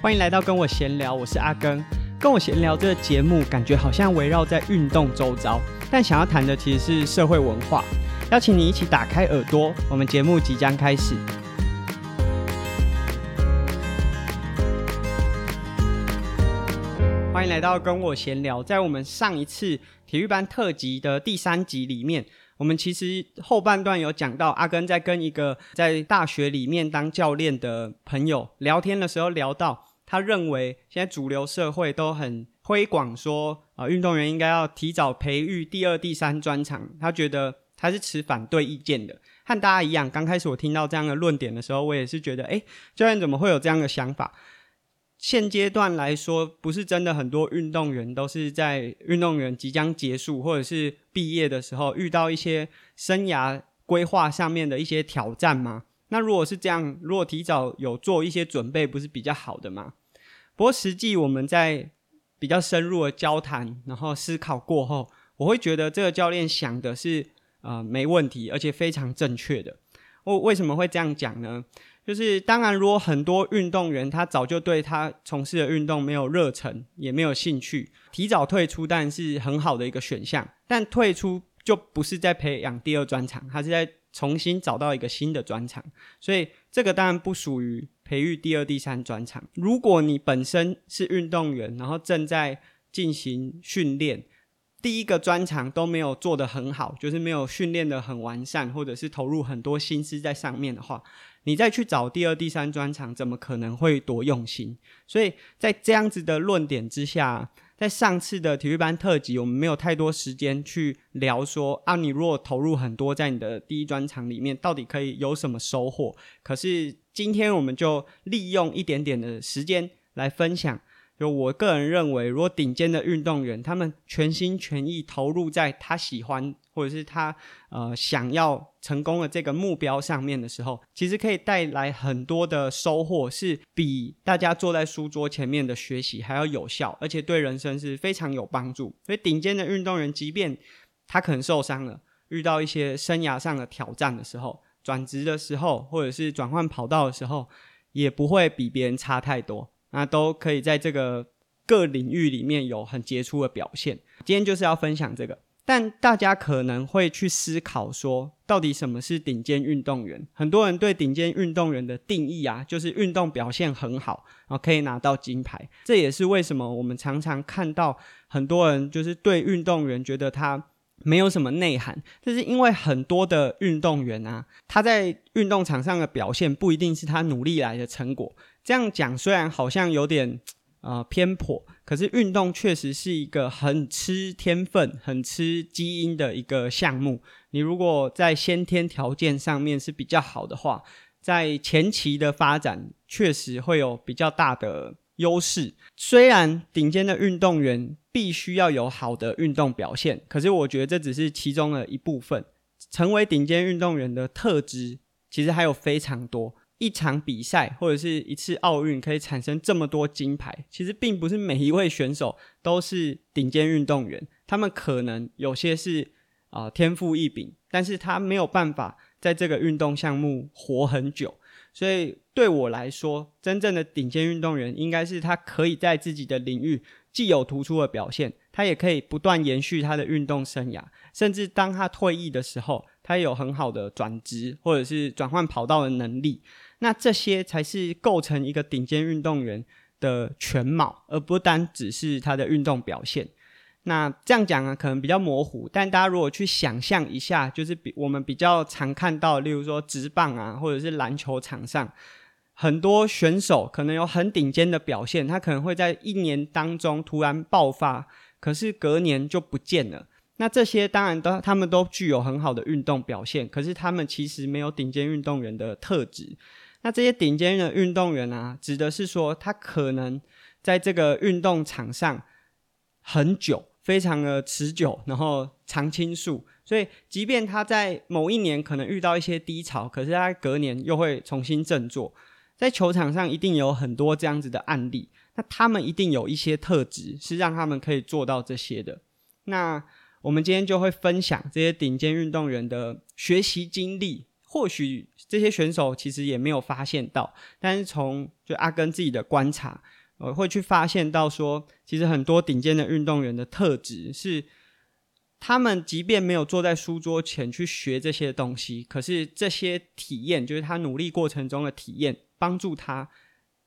歡迎來到跟我閒聊，我是阿耕。跟我閒聊這個節目，感覺好像圍繞在運動周遭，但想要談的其實是社會文化。邀請你一起打開耳朵，我們節目即將開始。歡迎來到跟我閒聊。在我們上一次體育班特輯的第三集裡面，我們其實後半段有講到，阿耕在跟一個在大學裡面當教練的朋友聊天的時候，聊到。他認為現在主流社會都很推廣說啊，呃，運動員應該要提早培育第二、第三專長。他覺得他是持反對意見的，和大家一樣。剛開始我聽到這樣的論點的時候，我也是覺得，哎、欸，教練怎麼會有這樣的想法？現階段來說，不是真的很多運動員都是在運動員即將結束或者是畢業的時候遇到一些生涯規劃上面的一些挑戰嗎？那如果是這樣，如果提早有做一些準備，不是比較好的嗎？不過實際我們在比較深入的交談，然後思考過後，我會覺得這個教練想的是啊、呃、沒問題，而且非常正確的。我為什麼會這樣講呢？就是當然，如果很多運動員他早就對他從事的運動沒有熱忱，也沒有興趣，提早退出，但是很好的一個選項。但退出就不是在培養第二專長，他是在。重新找到一個新的專長，所以這個當然不屬於培育第二、第三專長。如果你本身是運動員，然後正在進行訓練，第一個專長都沒有做得很好，就是沒有訓練得很完善，或者是投入很多心思在上面的話，你再去找第二、第三專長，怎麼可能會多用心？所以在這樣子的論點之下。在上次的體育班特輯，我們沒有太多時間去聊說啊，你如果投入很多在你的第一專長裡面，到底可以有什麼收穫？可是今天我們就利用一點點的時間來分享。就我個人認為，如果頂尖的運動員他們全心全意投入在他喜歡或者是他呃想要成功的這個目標上面的時候，其實可以帶來很多的收穫，是比大家坐在書桌前面的學習還要有效，而且對人生是非常有幫助。所以，頂尖的運動員，即便他可能受傷了，遇到一些生涯上的挑戰的時候，轉職的時候，或者是轉換跑道的時候，也不會比別人差太多。那、啊、都可以在這個各領域裡面有很傑出的表現。今天就是要分享這個，但大家可能會去思考說，到底什麼是頂尖運動員？很多人對頂尖運動員的定義啊，就是運動表現很好，然後、啊、可以拿到金牌。這也是為什麼我們常常看到很多人就是對運動員覺得他沒有什麼內涵，這是因為很多的運動員啊，他在運動場上的表現不一定是他努力來的成果。這樣講雖然好像有點，呃偏頗，可是運動確實是一個很吃天分、很吃基因的一個項目。你如果在先天條件上面是比較好的話，在前期的發展確實會有比較大的優勢。雖然頂尖的運動員必須要有好的運動表現，可是我覺得這只是其中的一部分。成為頂尖運動員的特質其實還有非常多。一場比賽或者是一次奧運可以產生這麼多金牌，其實並不是每一位選手都是頂尖運動員。他們可能有些是啊、呃、天賦異稟，但是他沒有辦法在這個運動項目活很久。所以對我來說，真正的頂尖運動員應該是他可以在自己的領域既有突出的表現，他也可以不斷延續他的運動生涯，甚至當他退役的時候。他有很好的轉職或者是轉換跑道的能力，那這些才是構成一個頂尖運動員的全貌，而不單只是他的運動表現。那這樣講啊，可能比較模糊，但大家如果去想象一下，就是比我們比較常看到，例如說職棒啊，或者是籃球場上很多選手，可能有很頂尖的表現，他可能會在一年當中突然爆發，可是隔年就不見了。那這些當然都，他們都具有很好的運動表現，可是他們其實沒有頂尖運動員的特質。那這些頂尖的運動員呢、啊，指的是說他可能在這個運動場上很久，非常的持久，然後長青樹。所以，即便他在某一年可能遇到一些低潮，可是他隔年又會重新振作。在球場上一定有很多這樣子的案例，那他們一定有一些特質是讓他們可以做到這些的。那。我們今天就會分享這些頂尖運動員的學習經歷。或許這些選手其實也沒有發現到，但是從就阿耕自己的觀察，我、呃、會去發現到說，其實很多頂尖的運動員的特質是，他們即便沒有坐在書桌前去學這些東西，可是這些體驗就是他努力過程中的體驗，幫助他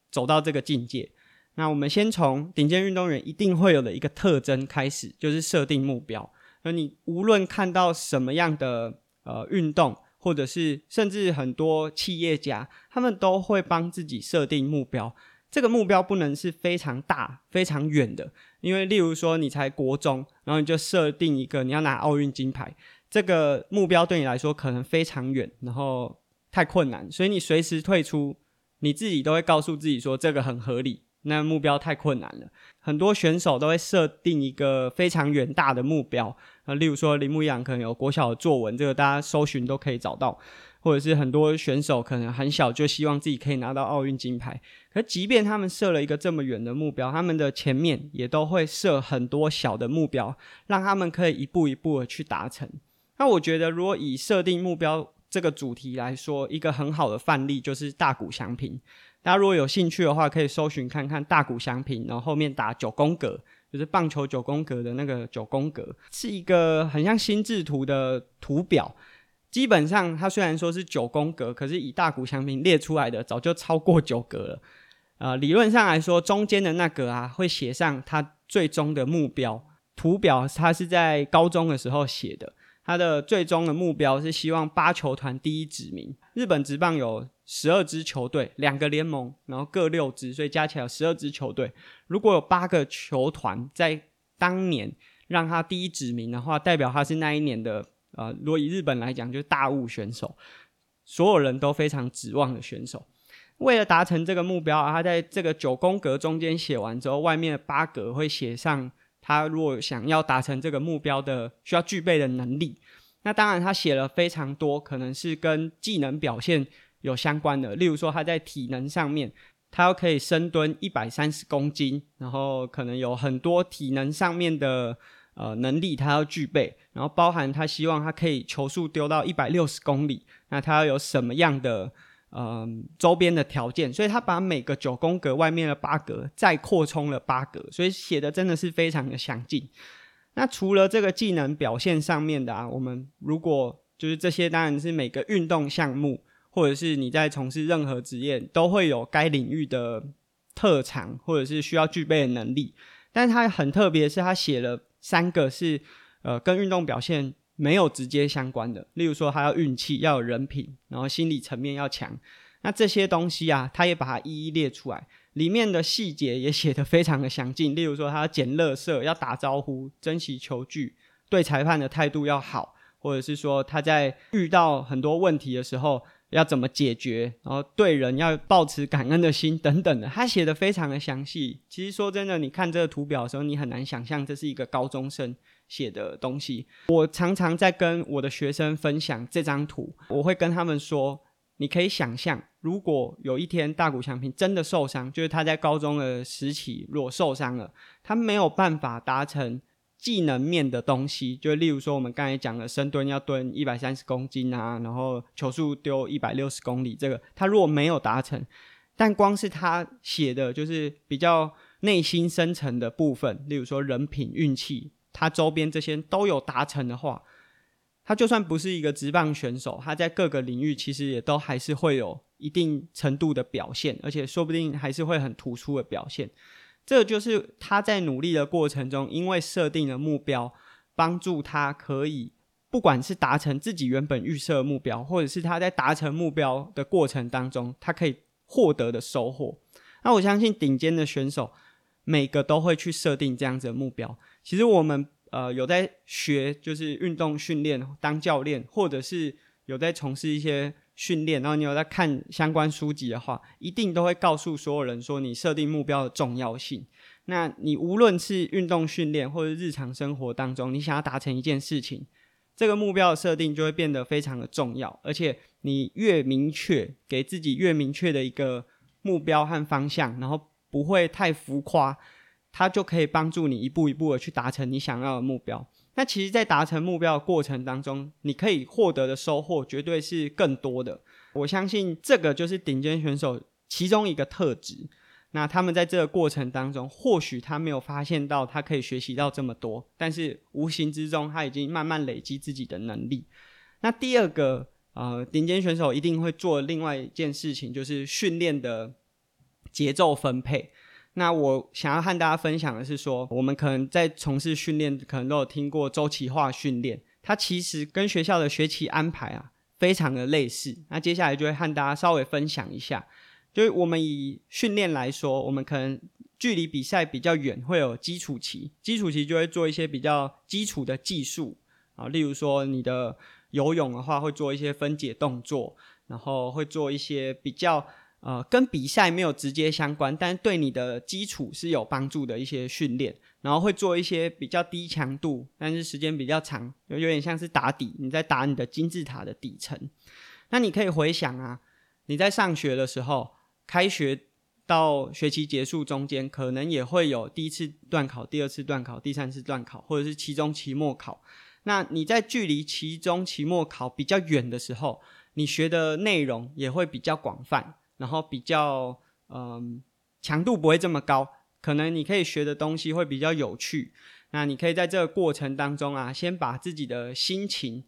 走到這個境界。那我們先從頂尖運動員一定會有的一個特徵開始，就是設定目標。而你無論看到什麼樣的呃運動，或者是甚至很多企業家，他們都會幫自己設定目標。這個目標不能是非常大、非常遠的，因為例如說你才國中，然後你就設定一個你要拿奧運金牌，這個目標對你來說可能非常遠，然後太困難，所以你隨時退出，你自己都會告訴自己說這個很合理，那個、目標太困難了，很多選手都會設定一個非常遠大的目標。那、呃、例如說鈴木一朗可能有國小的作文，這個大家搜尋都可以找到；或者是很多選手可能很小就希望自己可以拿到奧運金牌。可即便他們設了一個這麼遠的目標，他們的前面也都會設很多小的目標，讓他們可以一步一步的去達成。那我覺得，如果以設定目標這個主題來說，一個很好的範例就是大谷翔平。大家如果有興趣的話，可以搜尋看看大谷翔平，然後後面打九宮格，就是棒球九宮格的那個九宮格，是一個很像心智圖的圖表。基本上，它雖然說是九宮格，可是以大谷翔平列出來的早就超過九格了。呃，理論上來說，中間的那個啊，會寫上它最終的目標，圖表它是在高中的時候寫的。他的最終的目標是希望八球團第一指名。日本職棒有十二支球隊，兩個聯盟，然後各六支，所以加起來有十二支球隊。如果有八個球團在當年讓他第一指名的話，代表他是那一年的呃，如果以日本來講，就是大物選手，所有人都非常指望的選手。為了達成這個目標，啊，他在這個九宮格中間寫完之後，外面的八格會寫上。他如果想要達成這個目標的需要具備的能力，那當然他寫了非常多，可能是跟技能表現有相關的。例如說他在體能上面，他要可以深蹲一百三十公斤，然後可能有很多體能上面的呃能力他要具備，然後包含他希望他可以球速丟到一百六十公里，那他要有什麼樣的？嗯，周邊的條件，所以他把每個九宮格外面的八格再擴充了八格，所以寫的真的是非常的詳盡。那除了這個技能表現上面的啊，我們如果就是這些，當然是每個運動項目或者是你在從事任何職業都會有該領域的特長或者是需要具備的能力。但是他很特別，是他寫了三個是呃，跟運動表現，沒有直接相關的，例如說他要運氣，要有人品，然後心理層面要強。那這些東西啊，他也把它一一列出來，裡面的細節也寫得非常的詳盡。例如說他要撿垃圾，要打招呼，珍惜球具，對裁判的態度要好，或者是說他在遇到很多問題的時候要怎麼解決，然後對人要抱持感恩的心等等的，他寫得非常的詳細。其實說真的，你看這個圖表的時候，你很難想象這是一個高中生。寫的東西，我常常在跟我的學生分享這張圖。我會跟他們說，你可以想象，如果有一天大谷翔平真的受傷，就是他在高中的時期，如果受傷了，他沒有辦法達成技能面的東西，就例如說我們剛才講的深蹲要蹲一百三十公斤啊，然後球速丟一百六十公里，這個他如果沒有達成，但光是他寫的就是比較內心深層的部分，例如說人品、運氣。他周邊這些都有達成的話，他就算不是一個職棒選手，他在各個領域其實也都還是會有一定程度的表現，而且說不定還是會很突出的表現。這就是他在努力的過程中，因為設定了目標，幫助他可以不管是達成自己原本預設的目標，或者是他在達成目標的過程當中，他可以獲得的收穫。那我相信頂尖的選手每個都會去設定這樣子的目標。其實我們呃有在學，就是運動訓練當教練，或者是有在從事一些訓練，然後你有在看相關書籍的話，一定都會告訴所有人說你設定目標的重要性。那你無論是運動訓練或者日常生活當中，你想要達成一件事情，這個目標的設定就會變得非常的重要。而且你越明確給自己越明確的一個目標和方向，然後不會太浮誇。他就可以幫助你一步一步的去達成你想要的目標。那其實在達成目標的過程當中，你可以獲得的收穫絕對是更多的。我相信這個就是頂尖選手其中一個特質。那他們在這個過程當中，或許他沒有發現到他可以學習到這麼多，但是無形之中他已經慢慢累積自己的能力。那第二個，呃，頂尖選手一定會做另外一件事情，就是訓練的節奏分配。那我想要和大家分享的是說，我們可能在從事訓練，可能都有聽過周期化訓練，它其實跟學校的學期安排啊非常的類似。那接下來就會和大家稍微分享一下，就是我們以訓練來說，我們可能距離比賽比較遠，會有基礎期，基礎期就會做一些比較基礎的技術啊，例如說你的游泳的話，會做一些分解動作，然後會做一些比較。呃，跟比賽沒有直接相關，但是對你的基礎是有幫助的一些訓練。然後會做一些比較低強度，但是時間比較長，有有點像是打底。你在打你的金字塔的底層。那你可以回想啊，你在上學的時候，開學到學期結束中間，可能也會有第一次段考、第二次段考、第三次段考，或者是期中、期末考。那你在距離期中、期末考比較遠的時候，你學的內容也會比較廣泛。然後比較，嗯，強度不會這麼高，可能你可以學的東西會比較有趣。那你可以在這個過程當中啊，先把自己的心情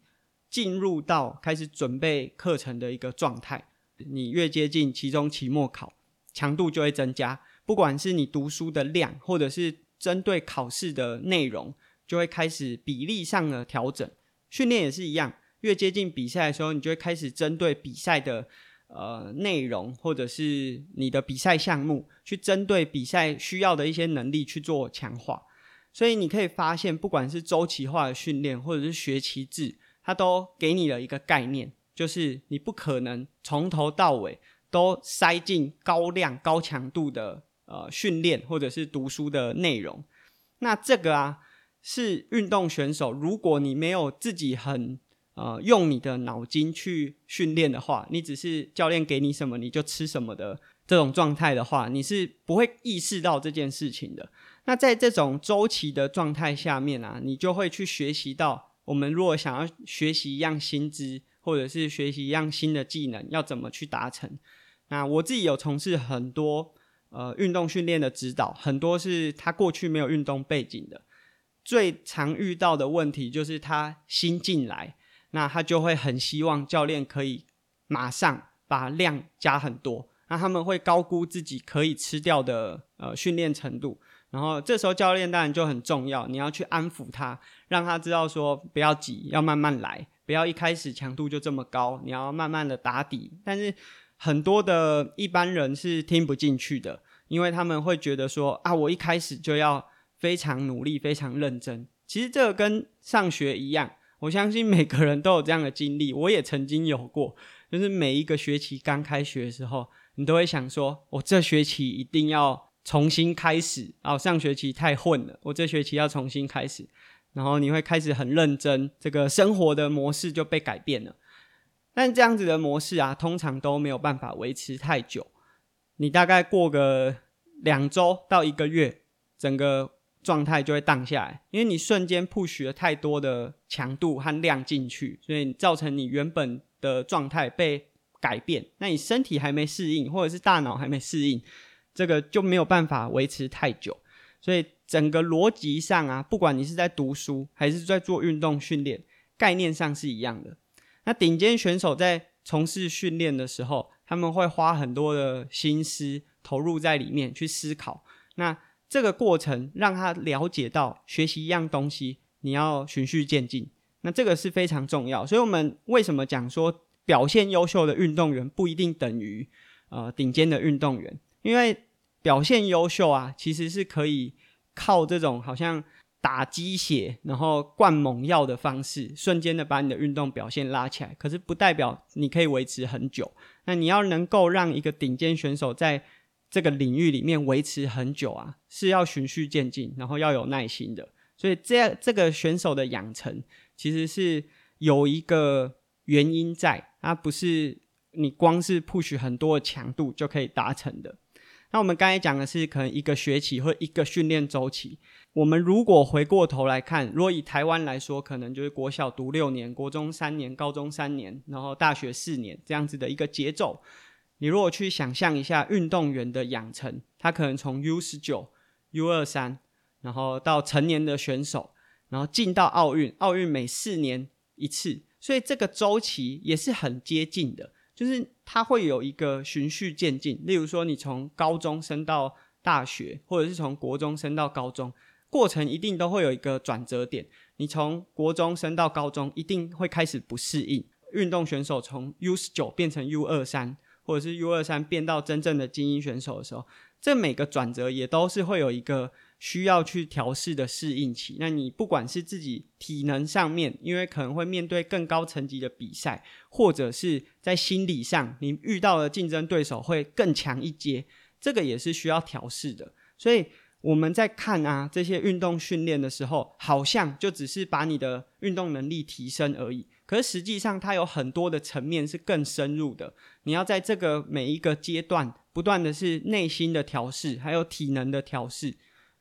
進入到開始準備課程的一個狀態。你越接近期中、期末考，強度就會增加。不管是你讀書的量，或者是針對考試的內容，就會開始比例上的調整。訓練也是一樣，越接近比賽的時候，你就會開始針對比賽的。呃，內容或者是你的比賽項目，去針對比賽需要的一些能力去做強化。所以你可以發現，不管是周期化的訓練或者是學期制，它都給你了一個概念，就是你不可能從頭到尾都塞進高量、高強度的呃訓練或者是讀書的內容。那這個啊，是運動選手，如果你沒有自己很。呃，用你的腦筋去訓練的話，你只是教練給你什麼你就吃什麼的這種狀態的話，你是不會意識到這件事情的。那在這種周期的狀態下面啊，你就會去學習到，我們如果想要學習一樣新知，或者是學習一樣新的技能，要怎麼去達成。那我自己有從事很多呃運動訓練的指導，很多是他過去沒有運動背景的，最常遇到的問題就是他新進來。那他就會很希望教練可以馬上把量加很多，那他們會高估自己可以吃掉的呃訓練程度，然後這時候教練當然就很重要，你要去安撫他，讓他知道說不要急，要慢慢來，不要一開始強度就這麼高，你要慢慢的打底。但是很多的一般人是聽不進去的，因為他們會覺得說啊，我一開始就要非常努力，非常認真。其實這個跟上學一樣。我相信每個人都有這樣的經歷，我也曾經有過。就是每一個學期剛開學的時候，你都會想說：“我這學期一定要重新開始。”哦，上學期太混了，我這學期要重新開始。然後你會開始很認真，這個生活的模式就被改變了。但這樣子的模式啊，通常都沒有辦法維持太久。你大概過個兩周到一個月，整個狀態就會盪下來，因為你瞬間 push 了太多的強度和量進去，所以造成你原本的狀態被改變。那你身體還沒適應，或者是大腦還沒適應，這個就沒有辦法維持太久。所以整個邏輯上啊，不管你是在讀書還是在做運動訓練，概念上是一樣的。那頂尖選手在從事訓練的時候，他們會花很多的心思投入在裡面去思考。那這個過程讓他了解到，學習一樣東西，你要循序漸進，那這個是非常重要。所以我們為什麼講說表現優秀的運動員不一定等於呃頂尖的運動員？因為表現優秀啊，其實是可以靠這種好像打雞血然後灌猛藥的方式，瞬間的把你的運動表現拉起來，可是不代表你可以維持很久。那你要能夠讓一個頂尖選手在這個領域裡面維持很久啊，是要循序漸進，然後要有耐心的。所以這這個選手的養成其實是有一個原因在，它不是你光是 push 很多的強度就可以達成的。那我們剛才講的是可能一個學期或一個訓練週期。我們如果回過頭來看，如果以台灣來說，可能就是國小讀六年，國中三年，高中三年，然後大學四年這樣子的一個節奏。你如果去想象一下運動員的養成，他可能從 U 十九、U 二三，然後到成年的選手，然後進到奧運，奧運每四年一次，所以這個週期也是很接近的，就是他會有一個循序漸進。例如說，你從高中升到大學，或者是從國中升到高中，過程一定都會有一個轉折點。你從國中升到高中，一定會開始不適應。運動選手從 U 十九變成 U 二三，或者是 U23 變到真正的精英選手的時候，這每個轉折也都是會有一個需要去調適的適應期。那你不管是自己體能上面，因為可能會面對更高層級的比賽，或者是在心理上，你遇到的競爭對手會更強一階，這個也是需要調適的。所以我們在看啊，這些運動訓練的時候，好像就只是把你的運動能力提升而已。可是實際上，它有很多的層面是更深入的。你要在這個每一個階段，不斷的是內心的調試，還有體能的調試。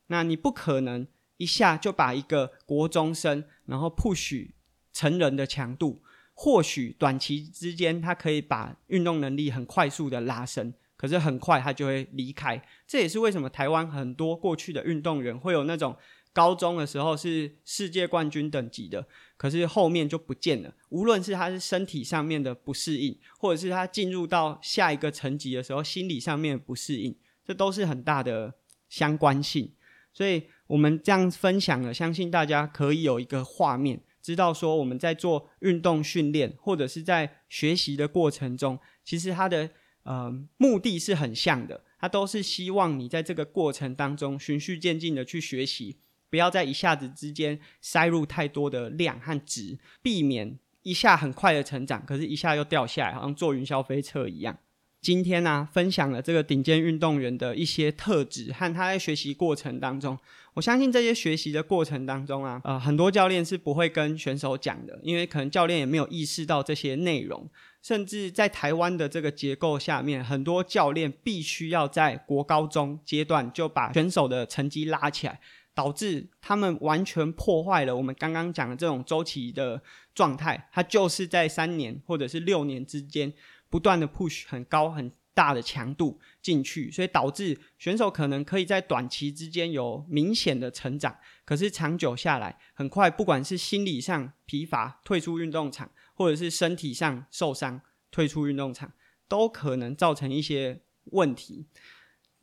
那你不可能一下就把一個國中生，然後 push 成人的強度。或許短期之間，他可以把運動能力很快速的拉升，可是很快他就會離開。這也是為什麼台灣很多過去的運動員會有那種高中的時候是世界冠軍等級的。可是後面就不見了。無論是他是身體上面的不適應，或者是他進入到下一個層級的時候，心理上面不適應，這都是很大的相關性。所以我們這樣分享了，相信大家可以有一個畫面，知道說我們在做運動訓練或者是在學習的過程中，其實他的呃目的是很像的，他都是希望你在這個過程當中循序漸進的去學習。不要在一下子之間塞入太多的量和值，避免一下很快的成長，可是一下又掉下來，好像坐雲霄飛車一樣。今天呢、啊，分享了這個頂尖運動員的一些特質和他在學習過程當中。我相信這些學習的過程當中啊，呃，很多教練是不會跟選手講的，因為可能教練也沒有意識到這些內容。甚至在台灣的這個結構下面，很多教練必須要在國高中階段就把選手的成績拉起來。導致他們完全破壞了我們剛剛講的這種周期的狀態。它就是在三年或者是六年之間不斷的 push 很高很大的強度進去，所以導致選手可能可以在短期之間有明顯的成長，可是長久下來，很快不管是心理上疲乏退出運動場，或者是身體上受傷退出運動場，都可能造成一些問題。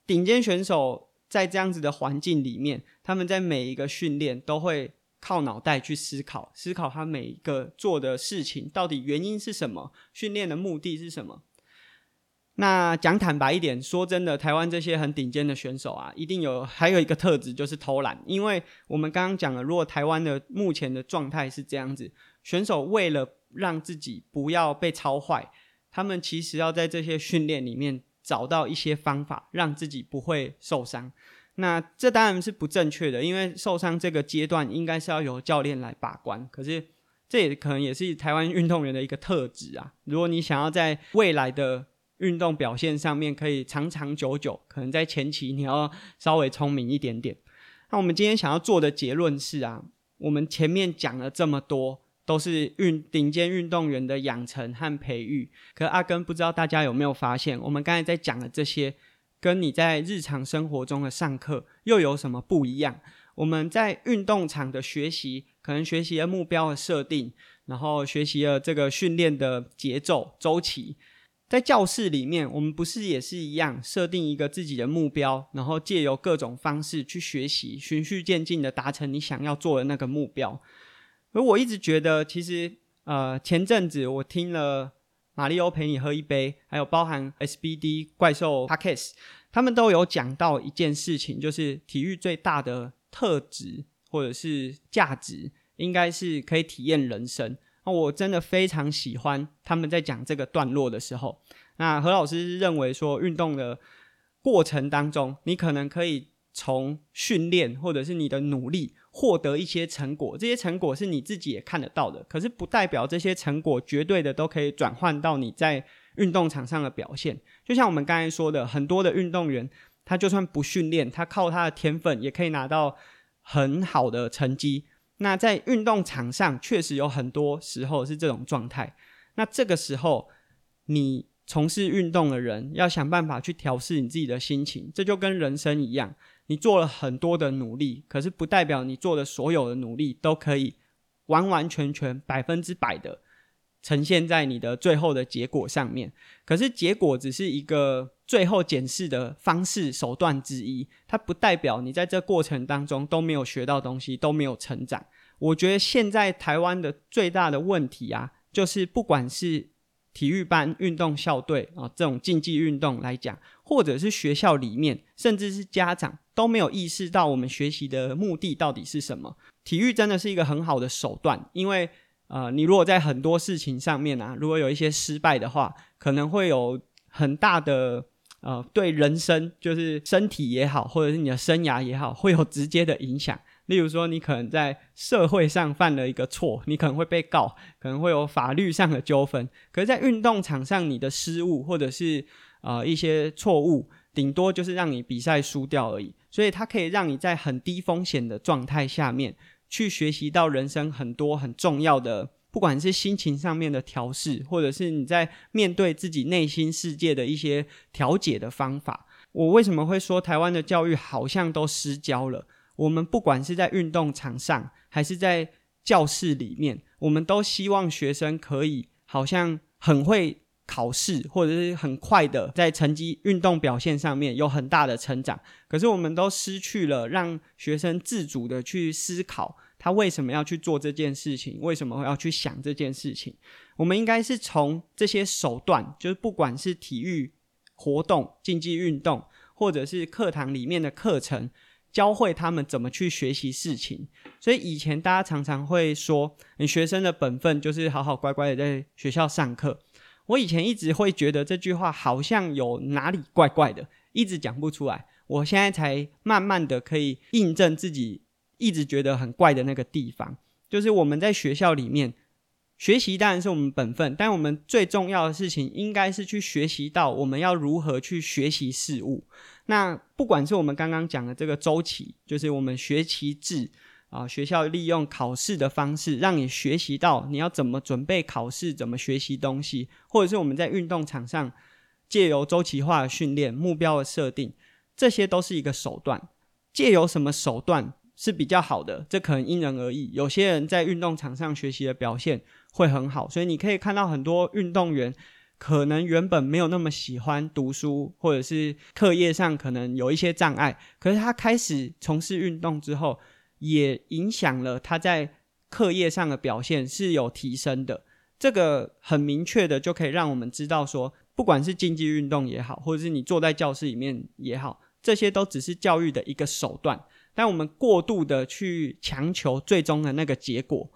頂尖選手。在這樣子的環境裡面，他們在每一個訓練都會靠腦袋去思考，思考他每一個做的事情到底原因是什麼，訓練的目的是什麼。那講坦白一點，說真的，台灣這些很頂尖的選手啊，一定有還有一個特質就是偷懶，因為我們剛剛講了，如果台灣的目前的狀態是這樣子，選手為了讓自己不要被操壞，他們其實要在這些訓練裡面。找到一些方法讓自己不會受傷，那這當然是不正確的，因為受傷這個階段應該是要由教練來把關。可是這也可能也是台灣運動員的一個特質啊。如果你想要在未來的運動表現上面可以長長久久，可能在前期你要稍微聰明一點點。那我們今天想要做的結論是啊，我們前面講了這麼多。都是運頂尖運動員的養成和培育。可阿耕不知道大家有沒有發現，我們剛才在講的這些，跟你在日常生活中的上課又有什麼不一樣？我們在運動場的學習，可能學習的目標的設定，然後學習了這個訓練的節奏週期，在教室裡面，我們不是也是一樣，設定一個自己的目標，然後借由各種方式去學習，循序漸進的達成你想要做的那個目標。而我一直覺得，其實，呃，前陣子我聽了馬力歐陪你喝一杯，還有包含 SBD 怪獸 Podcast，他們都有講到一件事情，就是體育最大的特質或者是價值，應該是可以體驗人生。那我真的非常喜歡他們在講這個段落的時候。那何老師認為說，運動的過程當中，你可能可以。從訓練或者是你的努力獲得一些成果，這些成果是你自己也看得到的。可是不代表這些成果絕對的都可以轉換到你在運動場上的表現。就像我們剛才說的，很多的運動員，他就算不訓練，他靠他的天分也可以拿到很好的成績。那在運動場上，確實有很多時候是這種狀態。那這個時候，你。從事運動的人要想辦法去調適你自己的心情，這就跟人生一樣，你做了很多的努力，可是不代表你做的所有的努力都可以完完全全百分之百的呈現在你的最後的結果上面。可是結果只是一個最後檢視的方式手段之一，它不代表你在這過程當中都沒有學到東西，都沒有成長。我覺得現在台灣的最大的問題啊，就是不管是。體育班、運動校隊啊，這種競技運動來講，或者是學校裡面，甚至是家長都沒有意識到我們學習的目的到底是什麼。體育真的是一個很好的手段，因為呃，你如果在很多事情上面啊，如果有一些失敗的話，可能會有很大的呃對人生，就是身體也好，或者是你的生涯也好，會有直接的影響。例如說，你可能在社會上犯了一個錯，你可能會被告，可能會有法律上的糾紛。可是，在運動場上，你的失誤或者是呃一些錯誤，頂多就是讓你比賽輸掉而已。所以，它可以讓你在很低風險的狀態下面，去學習到人生很多很重要的，不管是心情上面的調試，或者是你在面對自己內心世界的一些調解的方法。我為什麼會說台灣的教育好像都失焦了？我們不管是在運動場上，還是在教室裡面，我們都希望學生可以好像很會考試，或者是很快的在成績、運動表現上面有很大的成長。可是，我們都失去了讓學生自主的去思考，他為什麼要去做這件事情，為什麼要去想這件事情。我們應該是從這些手段，就是不管是體育活動、競技運動，或者是課堂裡面的課程。教會他們怎麼去學習事情，所以以前大家常常會說，你學生的本分就是好好乖乖的在學校上課。我以前一直會覺得這句話好像有哪裡怪怪的，一直講不出來。我現在才慢慢的可以印證自己一直覺得很怪的那個地方，就是我們在學校裡面學習當然是我們本分，但我們最重要的事情應該是去學習到我們要如何去學習事物。那不管是我們剛剛講的這個週期，就是我們學期制啊，學校利用考試的方式讓你學習到你要怎麼準備考試，怎麼學習東西，或者是我們在運動場上借由週期化的訓練、目標的設定，這些都是一個手段。借由什麼手段是比較好的，這可能因人而異。有些人在運動場上學習的表現會很好，所以你可以看到很多運動員。可能原本沒有那麼喜歡讀書，或者是課業上可能有一些障礙，可是他開始從事運動之後，也影響了他在課業上的表現是有提升的。這個很明確的就可以讓我們知道說，不管是競技運動也好，或者是你坐在教室裡面也好，這些都只是教育的一個手段。但我們過度的去強求最終的那個結果，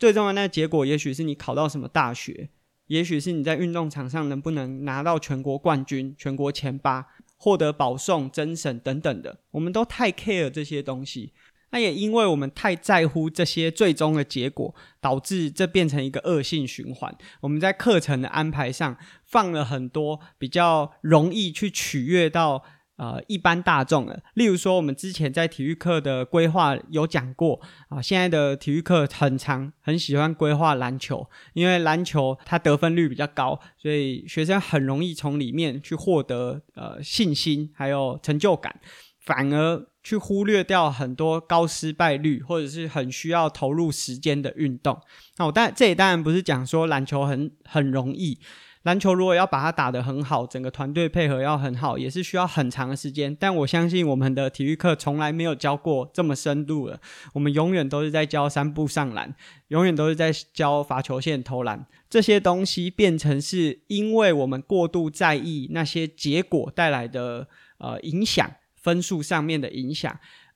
最終的那個結果也許是你考到什麼大學。也許是你在運動場上能不能拿到全國冠軍、全國前八，獲得保送、甄審等等的，我們都太 care 這些東西。那也因為我們太在乎這些最終的結果，導致這變成一個惡性循環。我們在課程的安排上放了很多比較容易去取悅到，呃，一般大眾，例如說，我們之前在體育課的規劃有講過啊、呃。現在的體育課很常，很喜歡規劃籃球，因為籃球它得分率比較高，所以學生很容易從裡面去獲得呃信心還有成就感，反而去忽略掉很多高失敗率或者是很需要投入時間的運動。那我當然，這裡當然不是講說籃球很很容易。籃球如果要把它打得很好，整個團隊配合要很好，也是需要很長的時間。但我相信我們的體育課從來沒有教過這麼深度的。我們永遠都是在教三步上籃，永遠都是在教罰球線投籃。這些東西變成是因為我們過度在意那些結果帶來的呃影響，分數上面的影響，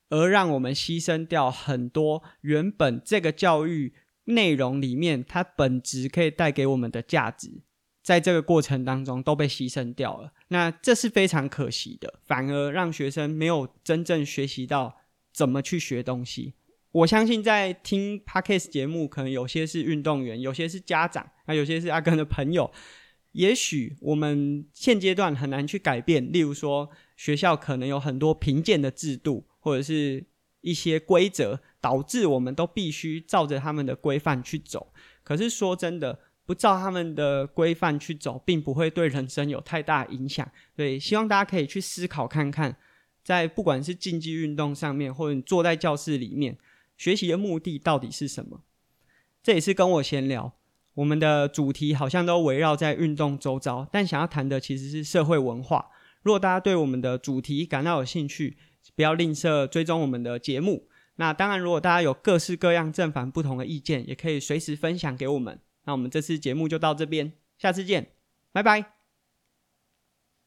而讓我們犧牲掉很多原本這個教育內容裡面它本質可以帶給我們的價值。在這個過程當中都被犧牲掉了，那這是非常可惜的，反而讓學生沒有真正學習到怎麼去學東西。我相信在聽 podcast 節目，可能有些是運動員，有些是家長，那有些是阿耕的朋友。也許我們現階段很難去改變，例如說學校可能有很多評鑑的制度或者是一些規則，導致我們都必須照着他們的規範去走。可是說真的。不照他們的規範去走，並不會對人生有太大影響。所以，希望大家可以去思考看看，在不管是競技運動上面，或者你坐在教室裡面，學習的目的到底是什麼？這也是跟我閒聊。我們的主題好像都圍繞在運動周遭，但想要談的其實是社會文化。如果大家對我們的主題感到有興趣，不要吝嗇追蹤我們的節目。那當然，如果大家有各式各樣正反不同的意見，也可以隨時分享給我們。那我們這次節目就到這邊，下次見，拜拜。